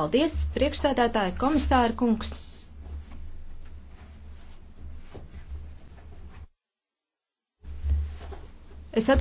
Paldies, priekšsēdētāji, komisāra kungs!